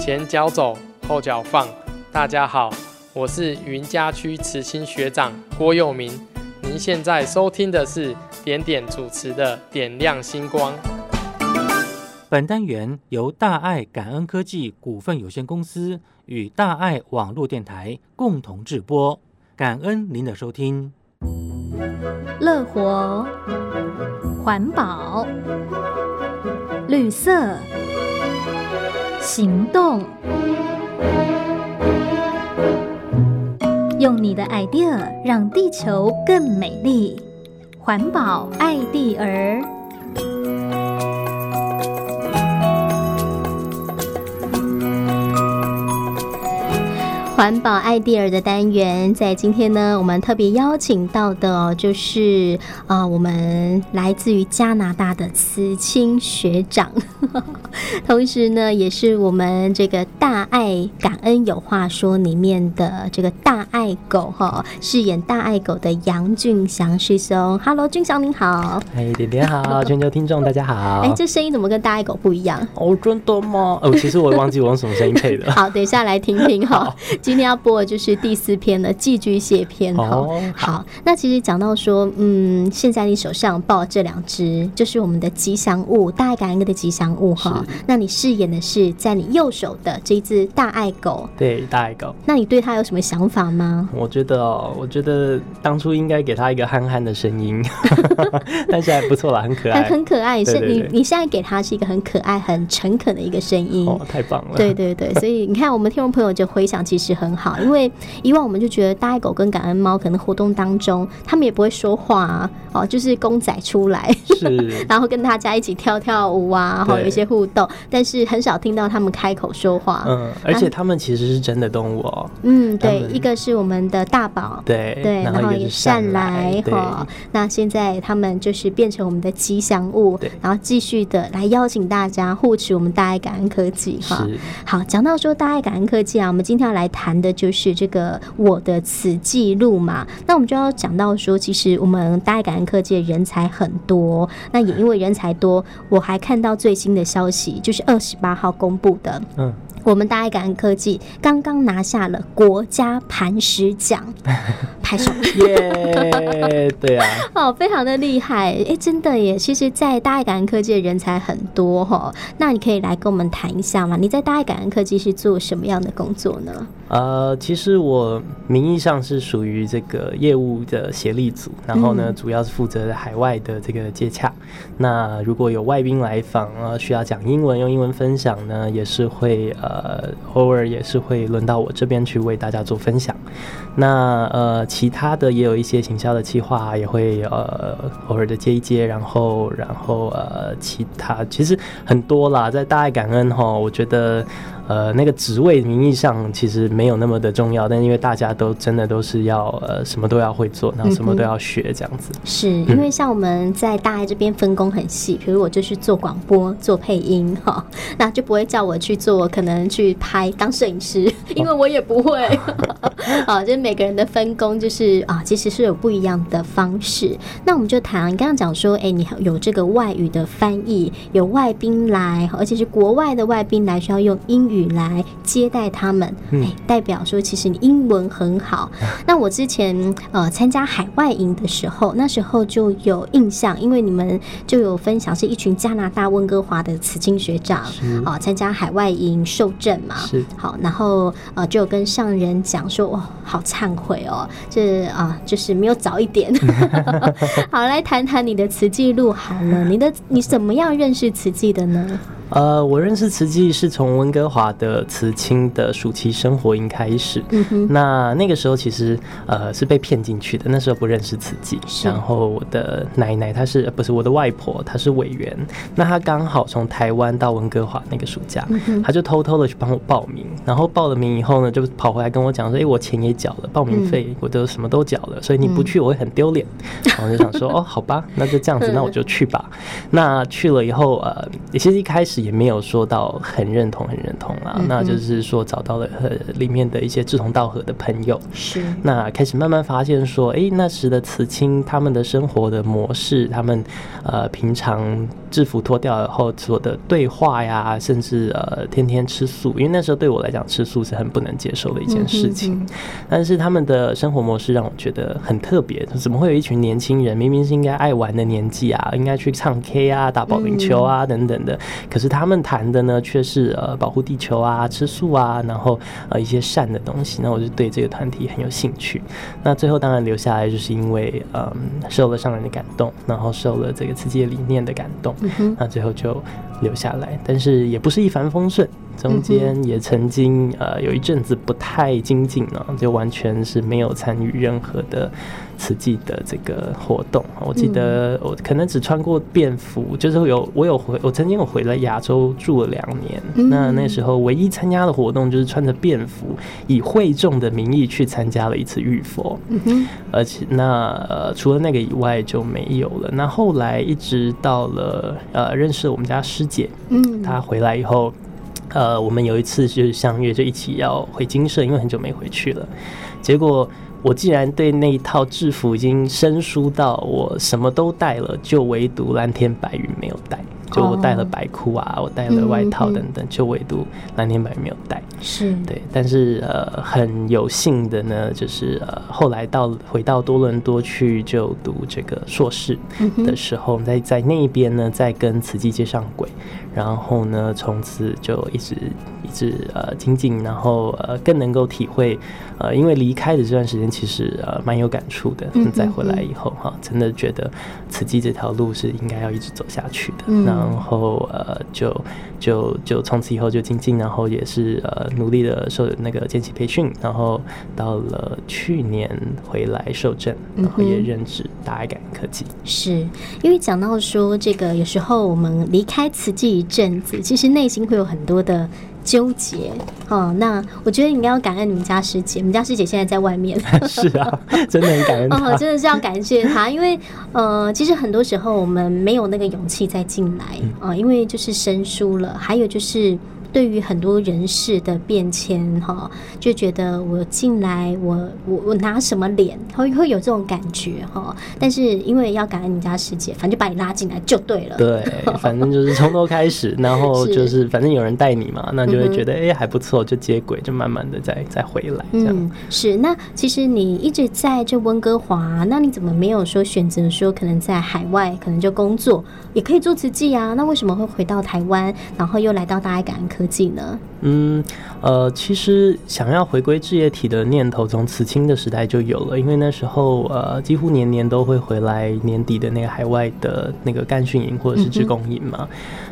前腳走，後腳放。大家好，我是雲嘉區慈青學長郭佑明。您現在收聽的是點點主持的《點亮星光》。本單元由大愛感恩科技股份有限公司與大愛網絡電臺共同制播，感恩您的收聽。樂活，環保，綠色。行動，用你的愛 e a 讓地球更美麗，環保愛地兒。環保愛地兒的單元，在今天呢，我們特別邀請到的、喔、就是啊、呃，我們來自於加拿大的慈青學長，同時呢，也是我們這個大愛感恩有話說裡面的這個大愛狗哈，飾演大愛狗的楊竣翔師兄。Hello，竣翔您好。哎、欸，點點好，全球聽眾大家好。哎、欸，這聲音怎麼跟大愛狗不一樣？哦真的嗎？哦，其實我忘記我用什麼聲音配的。 好，等一下來聽聽哈。今天要播的就是第四篇的寄居蟹篇哦。好，好，那其實講到說，嗯，現在你手上抱這兩隻，就是我們的吉祥物，大愛感恩的吉祥物哈。是。那你飾演的是在你右手的這一隻大愛狗，對大愛狗。那你對它有什麼想法嗎？我覺得哦，我覺得當初應該給它一個憨憨的聲音， 但是還不錯了，很可愛，很可愛。是，你你現在給它是一個很可愛、很誠懇的一個聲音，哦，太棒了。對對對，所以你看，我們聽眾朋友就回想，其實。很好，因為以往我們就覺得大愛狗跟感恩貓可能活動當中，他們也不會說話哦，就是公仔出來，然後跟大家一起跳跳舞啊，然後有些互動，但是很少聽到他們開口說話。嗯，而且他們其實是真的動物哦。嗯，對，一個是我們的大寶，對對，然後也善來哈，那現在他們就是變成我們的吉祥物，然後繼續的來邀請大家護持我們大愛感恩科技哈。好，講到說大愛感恩科技啊，我們今天要來談。的就是這個我的慈濟路嘛，那我們就要講到說，其實我們大愛感恩科技人才很多，那也因為人才多，我還看到最新的消息，就是二十八號公布的，嗯。我們大愛感恩科技剛剛拿下了國家磐石獎，拍手耶！ yeah, 對啊，哦，非常的厲害，哎，真的耶，其實在大愛感恩科技的人才很多哈、哦。那你可以來跟我們談一下嗎？你在大愛感恩科技是做什麼樣的工作呢？呃，其實我名義上是屬於這個業務的協力組，然後呢，主要是負責海外的這個接洽。嗯、那如果有外賓來訪啊、呃，需要講英文，用英文分享呢，也是會呃。呃，偶爾也是會輪到我這邊去為大家做分享，那呃，其他的也有一些行銷的企劃，也會呃偶爾的接一接，然後然後呃，其他其實很多啦，在大愛感恩吼，我覺得。呃，那個職位名義上其實沒有那麼的重要，但因為大家都真的都是要呃什麼都要會做，然後什麼都要學這樣子。嗯哼嗯、是，因為像我們在大愛這邊分工很細，比如我就去做廣播、做配音哈、哦，那就不會叫我去做可能去拍當攝影師，因為我也不會。啊、哦 哦，就是每個人的分工就是啊、哦，其實是有不一樣的方式。那我們就談，你剛剛講說，哎、欸，你有這個外語的翻譯，有外賓來，而且是國外的外賓來，需要用英語。來接待他們，欸、代表說其實你英文很好。嗯、那我之前呃參加海外營的時候，那時候就有印象，因為你們就有分享是一群加拿大溫哥華的慈青學長啊參是、呃、加海外營受證嘛，是好，然後呃就跟上人講說我好慚愧哦，這啊、哦就,呃、就是沒有早一點。 好，來談談你的慈濟路好了，你的你怎麼樣認識慈濟的呢？呃，我認識慈濟是從溫哥華的慈青的暑期生活營開始。嗯、哼那那個時候其實呃是被騙進去的，那時候不認識慈濟。是然後我的奶奶她是、呃、不是我的外婆？她是委員。那她剛好從台灣到溫哥華那個暑假，嗯、哼她就偷偷的去幫我報名。然後報了名以後呢，就跑回來跟我講說：“哎、欸，我錢也繳了，報名費我都什麼都繳了，所以你不去我會很丟臉。嗯”然後我就想說：“ 哦，好吧，那就這樣子，那我就去吧。” 那去了以後，呃，其實一開始。也沒有說到很認同，很認同啊。嗯、哼那就是說找到了和裡面的一些志同道合的朋友，是那開始慢慢發現說，哎、欸，那時的慈青他們的生活的模式，他們呃平常。制服脫掉以後所做的對話呀，甚至呃天天吃素，因為那時候對我來講吃素是很不能接受的一件事情。嗯嗯，但是他們的生活模式讓我覺得很特別。就怎麼會有一群年輕人明明是應該愛玩的年紀啊，應該去唱 K 啊、打保齡球啊等等的，可是他們談的呢卻是呃保護地球啊、吃素啊，然後呃一些善的東西。那我就對這個團體很有興趣。那最後當然留下來，就是因為嗯、呃、受了上人的感動，然後受了這個慈濟理念的感動。嗯、那最後就留下來，但是也不是一帆風順。中間也曾經呃有一陣子不太精進了，就完全是沒有參與任何的慈濟的這個活動。我記得我可能只穿過便服，就是有我有回我曾經有回了亞洲住了兩年，mm hmm. 那那時候唯一參加的活動就是穿着便服以會眾的名義去參加了一次浴佛。Mm hmm. 而且那，呃，除了那個以外就沒有了。那後來一直到了呃認識了我們家師姐，嗯，她回來以後。呃，我們有一次就是相約，就一起要回精舍，因為很久沒回去了。結果我竟然對那一套制服已經生疏到我什麼都帶了，就唯獨藍天白雲沒有帶。就我帶了白褲啊，oh. 我帶了外套等等，mm hmm. 就唯獨藍天白沒有帶。是對，但是呃很有幸的呢，就是呃後來到回到多倫多去就讀這個碩士的時候，mm hmm. 在在那一邊呢，再跟慈濟接上軌，然後呢從此就一直一直呃精進，然後呃更能夠體會呃因為離開的這段時間其實呃蠻有感觸的，mm hmm. 再回來以後哈，真的覺得慈濟這條路是應該要一直走下去的。嗯、mm。Hmm. 那然後呃，就就就從此以後就進進，然後也是呃努力的受那個見習培訓，然後到了去年回來受證，然後也任職大愛感恩科技。嗯、哼是因為講到說這個，有時候我們離開慈濟一陣子，其實內心會有很多的。糾結哦，那我覺得你應該要感恩你們家師姐，我們家師姐現在在外面。 是啊，真的很感恩。哦，真的是要感謝她，因為呃，其實很多時候我們沒有那個勇氣再進來啊，呃，因為就是生疏了，還有就是。對於很多人事的變遷，哈，就覺得我進來，我我我拿什麼臉會會有這種感覺，哈。但是因為要感恩你家師姐，反正就把你拉進來就對了。對，反正就是從頭開始， 然後就是反正有人帶你嘛，是那就會覺得哎、嗯、哼還不錯，就接軌，就慢慢的再再回來。嗯，是。那其實你一直在這溫哥華，那你怎麼沒有說選擇說可能在海外，可能就工作也可以做慈濟啊？那為什麼會回到台灣，然後又來到大愛感恩科技呢？嗯，呃，其實想要回歸志業體的念頭，從慈青的時代就有了，因為那時候呃，幾乎年年都會回來年底的那個海外的那個幹訓營或者是職工營嘛。嗯、哼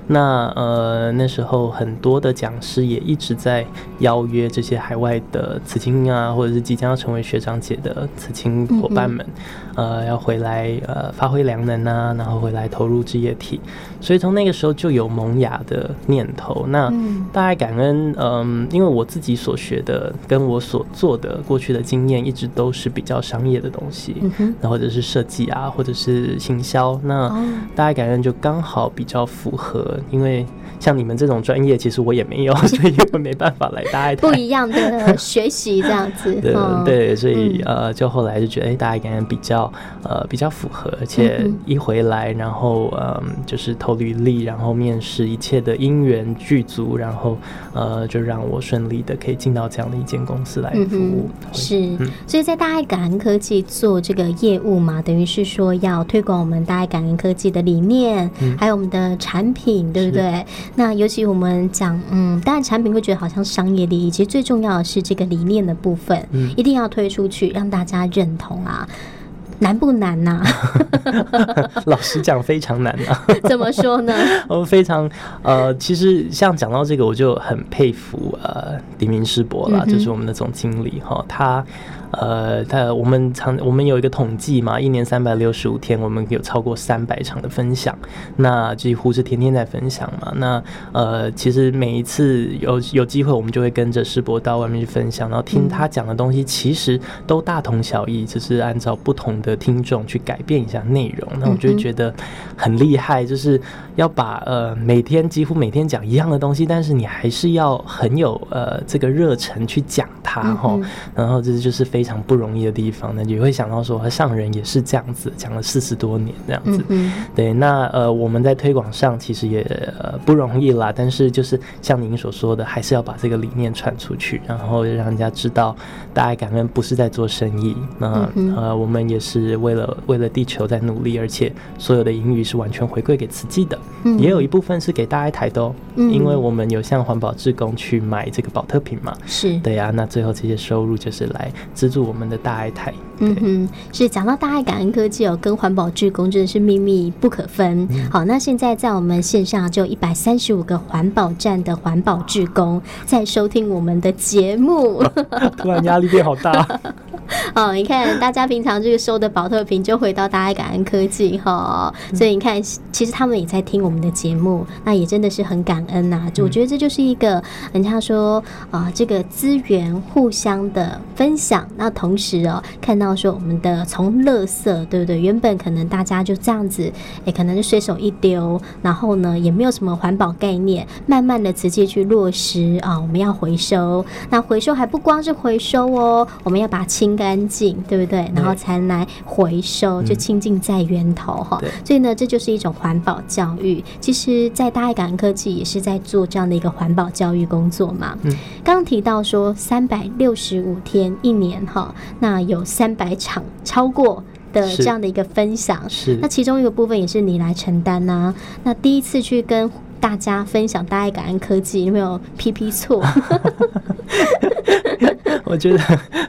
那呃，那時候很多的講師也一直在邀約這些海外的慈青啊，或者是即將要成為學長姐的慈青夥伴們，嗯、哼呃，要回來呃，發揮良能啊，然後回來投入志業體。所以從那個時候就有萌芽的念頭。那大愛感恩。嗯，因為我自己所學的跟我所做的過去的經驗，一直都是比較商業的東西，那、嗯、哼或者是設計啊，或者是行銷，那大概感覺就剛好比較符合，因為。像你們這種專業，其實我也沒有， 所以我沒辦法來大愛臺。 不一樣的學習這樣子， 對、哦、對，所以、嗯、呃，就後來就覺得，大愛感恩比較呃比較符合，而且一回來，然後嗯、呃，就是投履歷，然後面試，一切的因緣具足，然後呃，就讓我順利的可以進到這樣的一間公司來服務。嗯、是，所以，嗯、所以在大愛感恩科技做這個業務嘛，等於是說要推廣我們大愛感恩科技的理念，嗯、還有我們的產品，對不對？那尤其我們講，嗯，當然產品會覺得好像商業利益。其實最重要的是這個理念的部分，嗯，一定要推出去讓大家認同啊，難不難啊？呵呵老實講，非常難啊。怎麼說呢？我非常，呃，其實像講到這個，我就很佩服呃，黎明師伯啦，嗯、哼就是我們的總經理哈，他。呃，他我們常我們有一個統計嘛，一年三百六十五天，我們有超過三百場的分享，那幾乎是天天在分享嘛。那呃，其實每一次有有機會，我們就會跟着師伯到外面去分享，然後聽他講的東西，其實都大同小異，嗯、就是按照不同的聽眾去改變一下內容。那我就會覺得很厲害，就是要把呃每天幾乎每天講一樣的東西，但是你還是要很有呃這個熱忱去講它吼，嗯嗯，然後這就是非。非常不容易的地方，呢，你會想到說，上人也是這樣子，講了四十多年這樣子。嗯、哼對，那呃，我們在推廣上其實也、呃、不容易啦。但是就是像您所說的，還是要把這個理念傳出去，然後讓人家知道，大愛感恩不是在做生意，那、嗯、哼呃，我們也是為了為了地球在努力，而且所有的盈餘是完全回饋給慈濟的，嗯、哼也有一部分是給大愛台的哦，嗯、哼因為我們有向環保志工去買這個保特瓶嘛。是對呀、啊，那最後這些收入就是來支。祝我們的大愛台，嗯哼、嗯，是講到大愛感恩科技哦、喔，跟環保志工真的是秘密不可分。嗯、好，那現在在我們線上就一百三十五個環保站的環保志工在收聽我們的節目，啊、 突然壓力變好大、啊。 哦，你看大家平常這個收的寶特瓶，就回到大愛感恩科技哈、哦，所以你看，嗯、其實他們也在聽我們的節目，那也真的是很感恩吶、啊。就我覺得這就是一個，人家說啊，這個資源互相的分享。那同時哦，看到說我們的從垃圾，對不對？原本可能大家就這樣子，哎，可能就隨手一丟，然後呢，也沒有什麼環保概念，慢慢的直接去落實啊、哦，我們要回收。那回收還不光是回收哦，我們要把它清乾淨，對不對？對，然後才來回收，就清淨在源頭哈。嗯、所以呢，這就是一種環保教育。其實，在大愛感恩科技也是在做這樣的一個環保教育工作嘛。嗯。剛剛提到說三百六十五天一年。好，那有三百場超過的這樣的一個分享，是，是那其中一個部分也是你來承擔吶、啊。那第一次去跟大家分享大愛感恩科技，有沒有 P P 錯？ 我覺得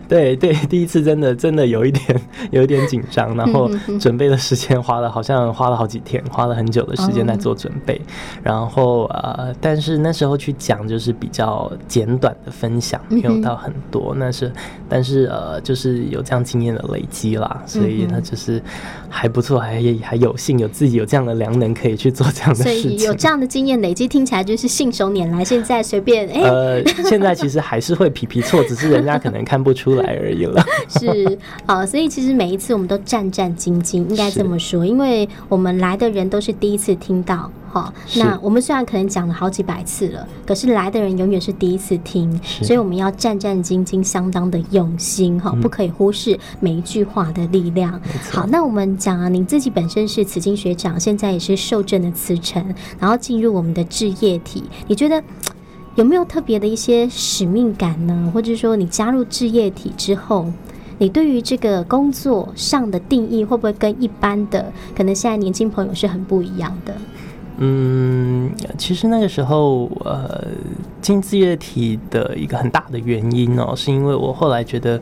對對，第一次真的真的有一點有一點緊張，然後準備的時間花了好像花了好幾天，花了很久的時間在做準備。然後呃，但是那時候去講就是比較簡短的分享，沒有到很多。嗯、哼那是但是呃，就是有這樣經驗的累積啦，所以那就是還不錯，還也還有幸有自己有這樣的良能可以去做這樣的事情。有這樣的經驗累積，聽起來就是信手拈來。現在隨便哎，欸、呃，現在其實還是會皮皮剉， 只是人。他可能看不出來而已了 是。是啊，所以其實每一次我們都戰戰兢兢，應該這麼說，是因為我們來的人都是第一次聽到哈。哦、是那我們雖然可能講了好幾百次了，可是來的人永遠是第一次聽，是所以我們要戰戰兢兢，相當的用心哈，哦嗯、不可以忽視每一句話的力量。錯好，那我們講啊，你自己本身是慈青學長，現在也是受證的慈誠，然後進入我們的志業體，你覺得？有沒有特別的一些使命感呢？或者說，你加入志業體之後，你對於這個工作上的定義，會不會跟一般的可能現在年輕朋友是很不一樣的？嗯，其實那個時候，呃，進志業體的一個很大的原因呢、喔，是因為我後來覺得，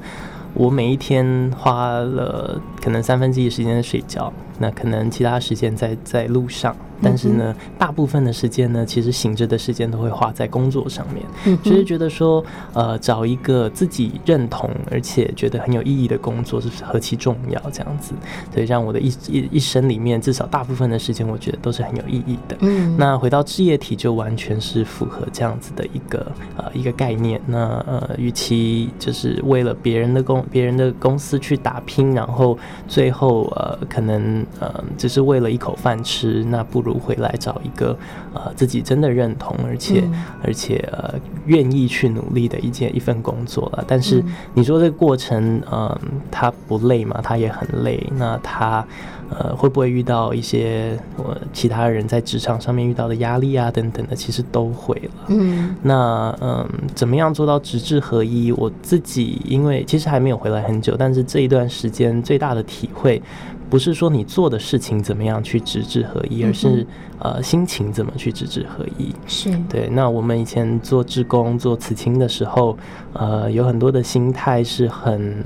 我每一天花了可能三分之一時間在睡覺，那可能其他時間在在路上。但是呢，大部分的時間呢，其實醒着的時間都會花在工作上面，其實覺得說，呃，找一個自己認同而且覺得很有意義的工作是何其重要，這樣子，所以讓我的一一一生裡面至少大部分的時間，我覺得都是很有意義的。嗯，嗯，那回到置業體就完全是符合這樣子的一個呃一個概念。那呃，與其就是為了別人的公別人的公司去打拼，然後最後呃可能呃只是為了一口飯吃，那不。如回來找一個，呃，自己真的認同，而且、嗯、而且呃，願意去努力的一件一份工作了。但是你說這個過程，嗯、呃，他不累嗎？他也很累。那他呃，會不會遇到一些我、呃、其他人在職場上面遇到的壓力啊等等的？其實都會了。嗯。那嗯、呃，怎麼樣做到職志合一？我自己因為其實還沒有回來很久，但是這一段時間最大的體會。不是說你做的事情怎麼樣去職志合一，嗯、哼而是呃心情怎麼去職志合一。是對。那我們以前做志工、做慈青的時候，呃，有很多的心態是很嗯、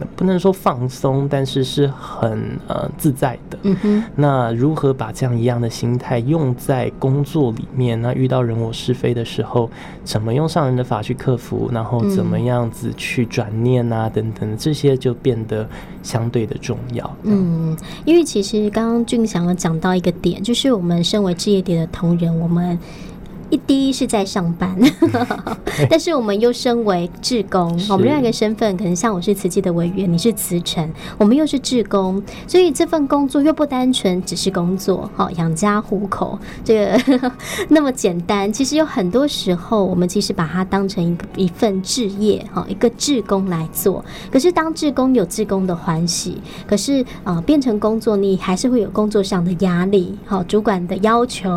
呃，不能說放鬆，但是是很呃自在的。嗯、哼那如何把這樣一樣的心態用在工作裡面？那遇到人我是非的時候，怎麼用上人的法去克服？然後怎麼樣子去轉念啊等等？嗯、等等，這些就變得相對的重要。嗯。嗯，因為其實剛剛竣翔有講到一個點，就是我們身為置業點的同仁，我們。第一是在上班，但是我們又身為志工，欸、我們另外一個身份可能像我是慈濟的委員，你是慈誠，我們又是志工，所以這份工作又不單純只是工作，好養家糊口這個那麼簡單。其實有很多時候，我們其實把它當成一個一份志業，哈一個志工來做。可是當志工有志工的歡喜，可是啊變成工作，你還是會有工作上的壓力，好主管的要求，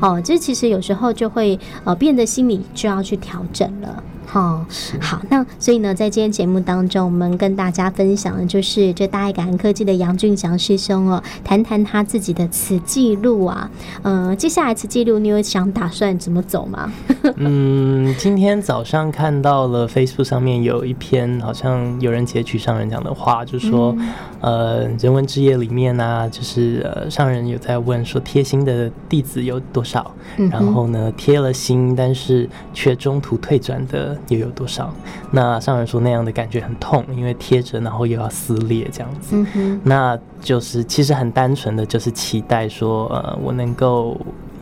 哦這其實有時候就。就會呃，變得心裡就要去調整了。好、哦，好，那所以呢，在今天節目當中，我們跟大家分享的就是這大愛感恩科技的楊竣翔師兄哦，談談他自己的慈濟路啊。呃，接下來慈濟路，你有想打算怎麼走嗎？ 嗯，今天早上看到了 Facebook 上面有一篇，好像有人截取上人講的話，就說，嗯、呃，人文之夜裡面呢、啊，就是、呃、上人有在問說，貼心的弟子有多少？嗯、哼然後呢，貼了心，但是卻中途退轉的。又有多少？那上人說，那樣的感覺很痛，因為貼着，然後又要撕裂這樣子。嗯、哼那就是其實很單純的，就是期待說，呃，我能夠。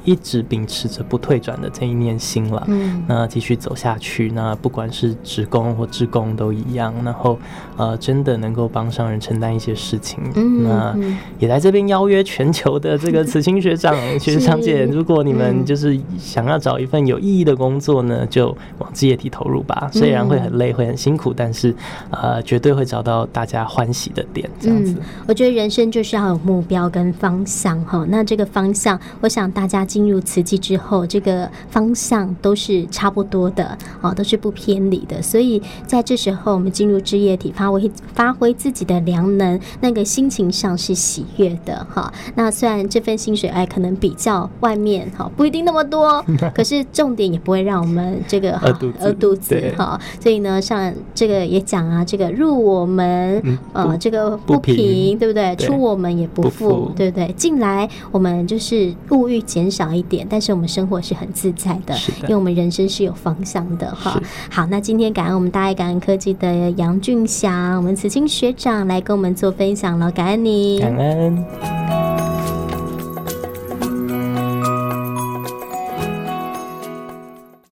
一直秉持着不退轉的這一念心了，嗯，那繼續走下去，那不管是職工或志工都一樣，然後呃，真的能夠幫上人承擔一些事情，嗯，那也來這邊邀約全球的這個慈青學長呵呵學長姐，是如果你們就是想要找一份有意義的工作呢，就往製造業投入吧，嗯、雖然會很累會很辛苦，但是呃，絕對會找到大家歡喜的點這樣子。嗯，我覺得人生就是要有目標跟方向哈，那這個方向，我想大家。進入慈濟之後，這個方向都是差不多的啊、哦，都是不偏離的。所以在這時候，我們進入志業體發，發揮發揮自己的良能，那個心情上是喜悅的哈、哦。那雖然這份薪水哎，可能比較外面哈、哦，不一定那麼多， 可是重點也不會讓我們這個餓、 呃、肚子，哈、呃。對 所以呢，像這個也講啊，這個入我們、嗯、呃，這個不平，不平對不對？對出我們也不富，不負 對不對，對？進來我們就是物欲減少，好一點，但是我們生活是很自在的，的因為我們人生是有方向的哈。是好，那今天感恩我們大愛感恩科技的楊竣翔，我們慈青學長來跟我們做分享了，感恩你，感恩。